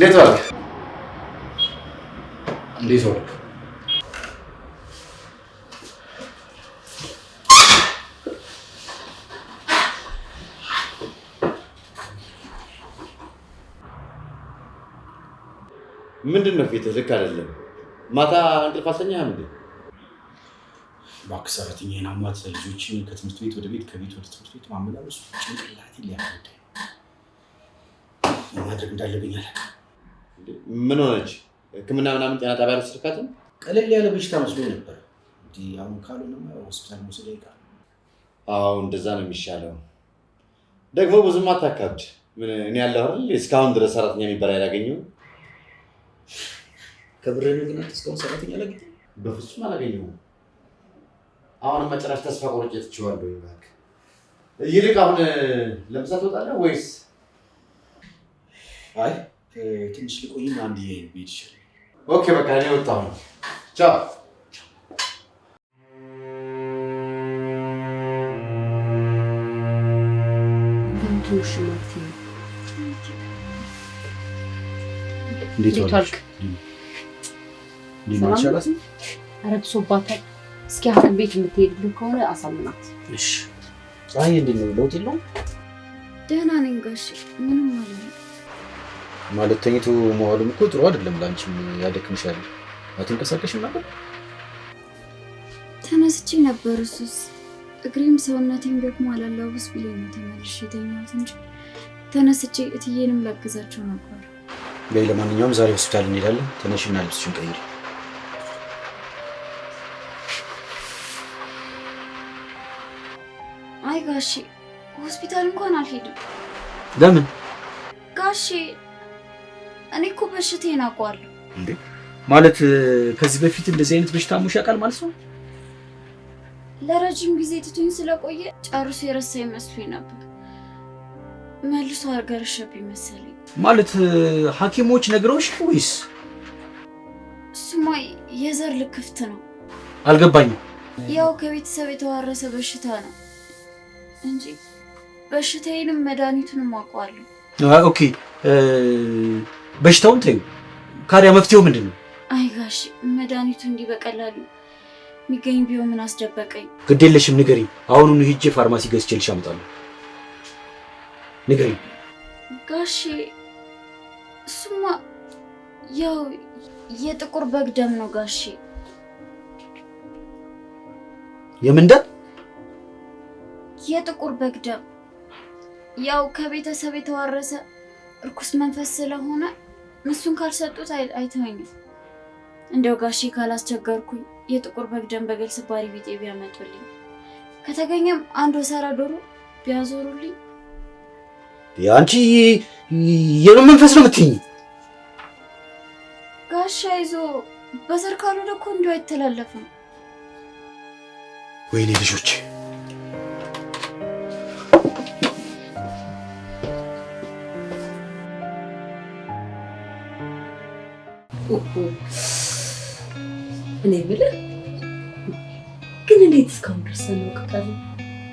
እንዴት ዋልክ? እንዴት ዋልክ? ምንድን ነው ፊትህ? ልክ አይደለም። ማታ እንቅልፍ አልተኛህም እንዴ? እባክህ ሰራተኛዬን አሟት ልጆችን ከትምህርት ቤት ወደ ቤት ከቤት ወደ ትምህርት ቤት ማመላለሱ ጭንቅላቴን ሊያመዳ ማድረግ እንዳለብኝ አላውቅም። ምን ሆነች? ህክምና ምናምን ጤና ጣቢያ አልወሰድካትም? ቀለል ያለ በሽታ መስሎ ነበር። አሁን ካልሆነማ ሆስፒታል መውሰድ አይቀርም። አዎ እንደዛ ነው የሚሻለው። ደግሞ ብዙም አታካብድ። እኔ ያለሁ እስካሁን ድረስ ሰራተኛ የሚባል አላገኘሁም። ከብርህን ግን እስካሁን ሰራተኛ አላገኘሁም። በፍጹም አላገኘሁም። አሁንም መጨረሻ ተስፋ ቆርጬ ትቼዋለሁ። ይልቅ አሁን ለምሳ ትወጣለህ ወይስ አይ ትንሽ ልቆይና አንድ ቤት ይችላል። ኦኬ በቃ እኔ ወጣሁ። ቻው ረብሶባታል። እስኪ ሐኪም ቤት የምትሄድልን ከሆነ አሳምናት። ፀሐይ እንዴት ነው? ለውጥ የለውም? ደህና ነኝ ምንም አልሆነም። ማለት ተኝቶ መዋሉም እኮ ጥሩ አይደለም። ለአንቺም ያደክምሻል። አትንቀሳቀሽም ነበር። ተነስቼ ነበር። እሱስ እግሬም ሰውነቴም ደግሞ አላላውስ ብዬ ነው ተመልሼ የተኛሁት እንጂ ተነስቼ እትዬንም ላግዛቸው ነበር። በይ ለማንኛውም ዛሬ ሆስፒታል እንሄዳለን። ተነሽና ልብስሽን ቀይሪ። አይ ጋሼ ሆስፒታል እንኳን አልሄድም። ለምን ጋሼ እኔ እኮ በሽቴን አውቀዋለሁ። እንዴ ማለት ከዚህ በፊት እንደዚህ አይነት በሽታ ሙሽ ያውቃል ማለት ነው? ለረጅም ጊዜ ትቶኝ ስለቆየ ጨርሶ የረሳ ይመስሉኝ ነበር። መልሶ ሸብ መሰለኝ። ማለት ሐኪሞች ነግረውሽ ወይስ? እሱማ የዘር ልክፍት ነው። አልገባኝም። ያው ከቤተሰብ የተዋረሰ በሽታ ነው እንጂ በሽታዬንም መድኃኒቱንም አውቀዋለሁ። ኦኬ በሽታውን ተዩ። ካዲያ መፍትሄው ምንድን ነው? አይ ጋሽ መድኃኒቱ እንዲህ በቀላሉ የሚገኝ ቢሆን ምን አስደበቀኝ። ግድ የለሽም ንገሪ። አሁኑኑ ሂጄ ፋርማሲ ገዝቼልሽ አመጣለሁ። ንገሪ ጋሽ። እሱማ ያው የጥቁር በግ ደም ነው ጋሽ። የምን ደም? የጥቁር በግ ደም። ያው ከቤተሰብ የተዋረሰ እርኩስ መንፈስ ስለሆነ እሱን ካልሰጡት አይተወኝም። እንደው ጋሼ ካላስቸገርኩኝ የጥቁር በግ ደንበገል ስባሪ ቢጤ ቢያመጡልኝ ከተገኘም አንድ ወሰራ ዶሮ ቢያዞሩልኝ። አንቺ የምን መንፈስ ነው የምትይኝ? ጋሻ ይዞ በዘር ካልሆነ እንዲሁ አይተላለፍም። ወይኔ ልጆች እኔ የምልህ ግን እንዴት እስካሁን ድረስ ሳናውቅ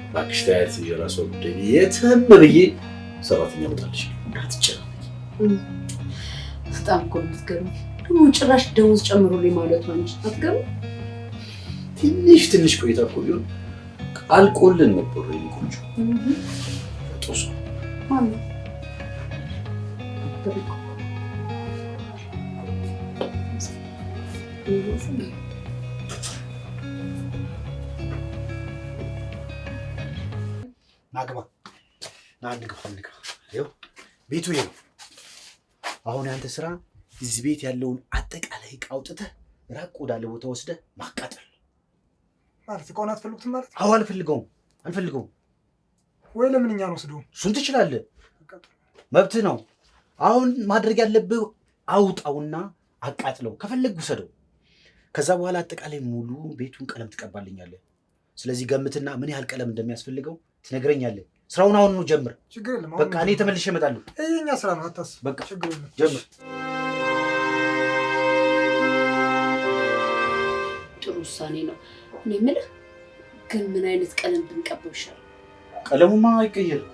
እባክሽ ተያያት የራሷ ጉዳይ የትም ብዬ ሰራተኛ ቦታለች አትችላም። በጣም እኮ የምትገርም ደግሞ ጭራሽ ደሞዝ ጨምሮልኝ ማለት ነው እንጂ አትገርም። ትንሽ ትንሽ ቆይታ እኮ ቢሆን አልቆልን ነበር። የእኔ ቆንጆ ጦሱ ማነው? 이것은 ናግባ ና እንግባ ይኸው ቤቱ ይኸው። አሁን ያንተ ስራ እዚህ ቤት ያለውን አጠቃላይ እቃ አውጥተህ ራቅ ወዳለ ቦታ ወስደህ ማቃጠል ማለት። እቃውን አትፈልጉትም ማለት? አዎ አልፈልገውም፣ አልፈልገውም። ወይ ለምን እሱን ትችላለህ፣ መብትህ ነው። አሁን ማድረግ ያለብህ አውጣውና አቃጥለው፣ ከፈለግ ውሰደው ከዛ በኋላ አጠቃላይ ሙሉ ቤቱን ቀለም ትቀባልኛለህ። ስለዚህ ገምትና ምን ያህል ቀለም እንደሚያስፈልገው ትነግረኛለህ። ስራውን አሁን ነው ጀምር። በቃ እኔ ተመልሼ እመጣለሁ። የእኛ ስራ ነው አታስብ። በቃ ጀምር። ጥሩ ውሳኔ ነው። እኔ የምልህ ግን ምን አይነት ቀለም ብንቀባው ይሻላል? ቀለሙማ አይቀየርም።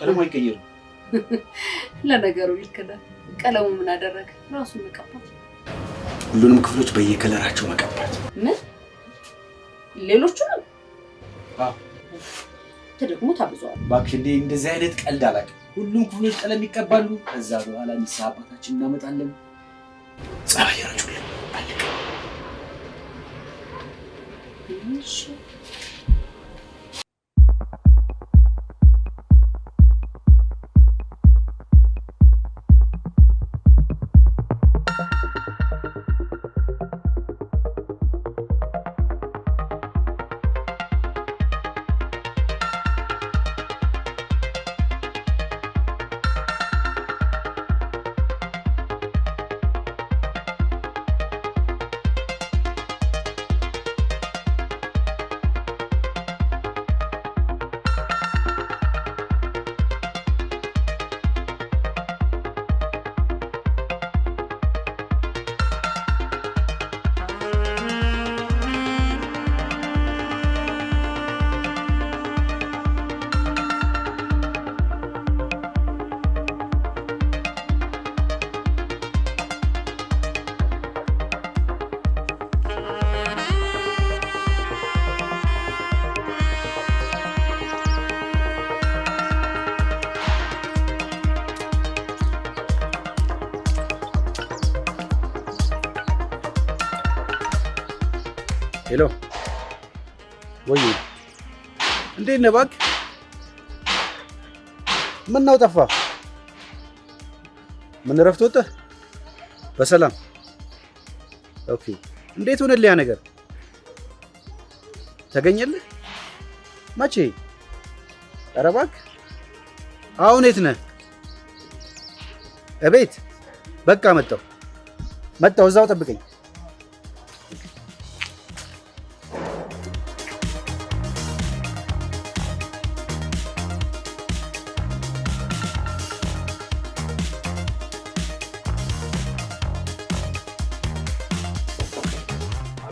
ቀለሙ አይቀየርም። ለነገሩ ልክ ነህ። ቀለሙ ምን አደረገ? ራሱን መቀባት ሁሉንም ክፍሎች በየከለራቸው መቀባት። ምን? ሌሎቹንም? አዎ። ተደግሞ ታብዟል። እባክሽ እንዴ እንደዚህ አይነት ቀልድ አላውቅም። ሁሉም ክፍሎች ቀለም ይቀባሉ። ከዛ በኋላ ንስሐ አባታችን እናመጣለን። ጸባይ ረጩልን። ሄሎ ወይ እንዴት ነህ? እባክህ ምነው ጠፋህ? ምን እረፍት ወጥተህ? በሰላም ኦኬ። እንዴት ሆነልህ ያ ነገር? ተገኘልህ? መቼ? ኧረ እባክህ አሁን የት ነህ? እቤት። በቃ መጣሁ መጣሁ፣ እዛው ጠብቀኝ።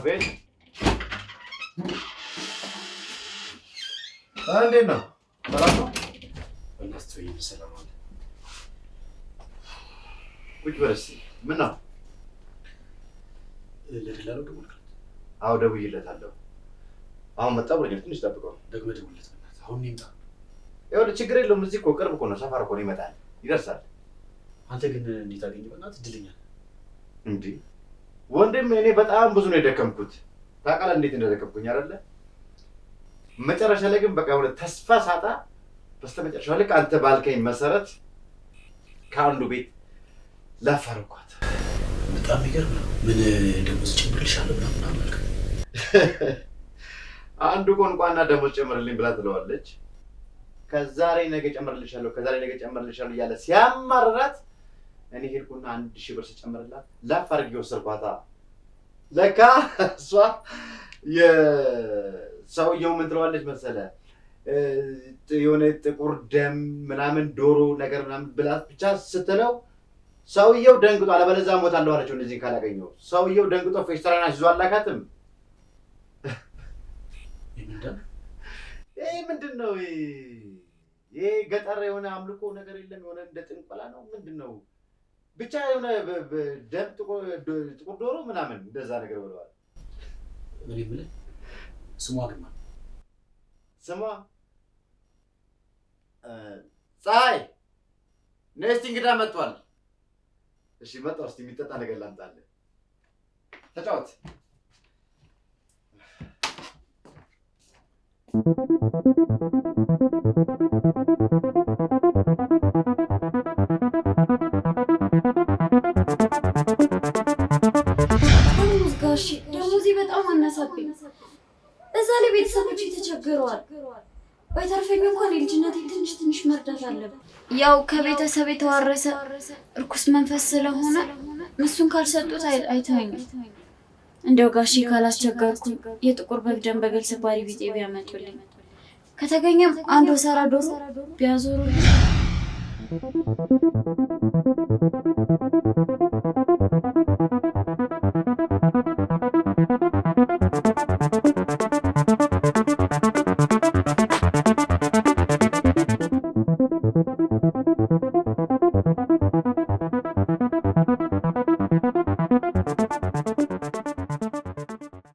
ቤት እንዴት ነው? ሰላም ነው? ሰላም አለ። ቁጭ በል እስኪ። ምነው? ለደላለው ደወልክለት? አዎ ደውዬለታለሁ። አሁን መጣ ብሎኛል። ትንሽ ጠብቀው። ደውልለት አሁን ይኸውልህ ችግር የለውም። እዚህ እኮ ቅርብ እኮ ነው፣ ሰፈር እኮ ነው። ይመጣል፣ ይደርሳል። አንተ ግን እንዴት አገኘህ? በእናትህ እድለኛ ወንድም እኔ በጣም ብዙ ነው የደከምኩት። ታውቃለህ እንዴት እንደደከምኩኝ አይደለ? መጨረሻ ላይ ግን በቃ የሆነ ተስፋ ሳጣ በስተመጨረሻ ልክ አንተ ባልከኝ መሰረት ከአንዱ ቤት ለፈርኳት በጣም ይገርም ነው። ምን ደሞዝ ጨምርልሻለሁ ምናምን አልክ? አንዱ ቆንቋና ደሞዝ ጨምርልኝ ብላ ትለዋለች። ከዛሬ ነገ ጨምርልሻለሁ፣ ከዛሬ ነገ ጨምርልሻለሁ እያለ ሲያማርራት እኔ ሄድኩና አንድ ሺህ ብር ስጨምርላት ላፍ አድርጌ ወሰድኳታ። ለካ እሷ የሰውየው ምን ትለዋለች መሰለ የሆነ ጥቁር ደም ምናምን ዶሮ ነገር ምናምን ብላት ብቻ ስትለው ሰውየው ደንግጦ አለበለዚያ እሞታለሁ አለችው። እነዚህን ካላገኘው ሰውየው ደንግጦ ፌስተራና ይዞ አላካትም። ይህ ምንድን ነው? ይህ ገጠር የሆነ አምልኮ ነገር የለም። የሆነ እንደ ጥንቆላ ነው ምንድን ነው? ብቻ የሆነ ደም ጥቁር ዶሮ ምናምን እንደዛ ነገር ብለዋል። እኔ የምልህ ስሟ ግማ ስሟ ፀሐይ ነይ እንግዳ መጥቷል። እሺ መጣው ስ የሚጠጣ ነገር ላምጣልህ፣ ተጫወት ቤተሰቦች የተቸገረዋል። ባይተርፈኝ እንኳን የልጅነት ትንሽ ትንሽ መርዳት አለብን። ያው ከቤተሰብ የተዋረሰ እርኩስ መንፈስ ስለሆነ እሱን ካልሰጡት አይተወኝም። እንደው ጋሺ ካላስቸገርኩ የጥቁር በግ ደም በግል ስባሪ ቢጤ ቢያመጡልኝ ከተገኘም አንድ ወሰራ ዶሮ ቢያዞሩ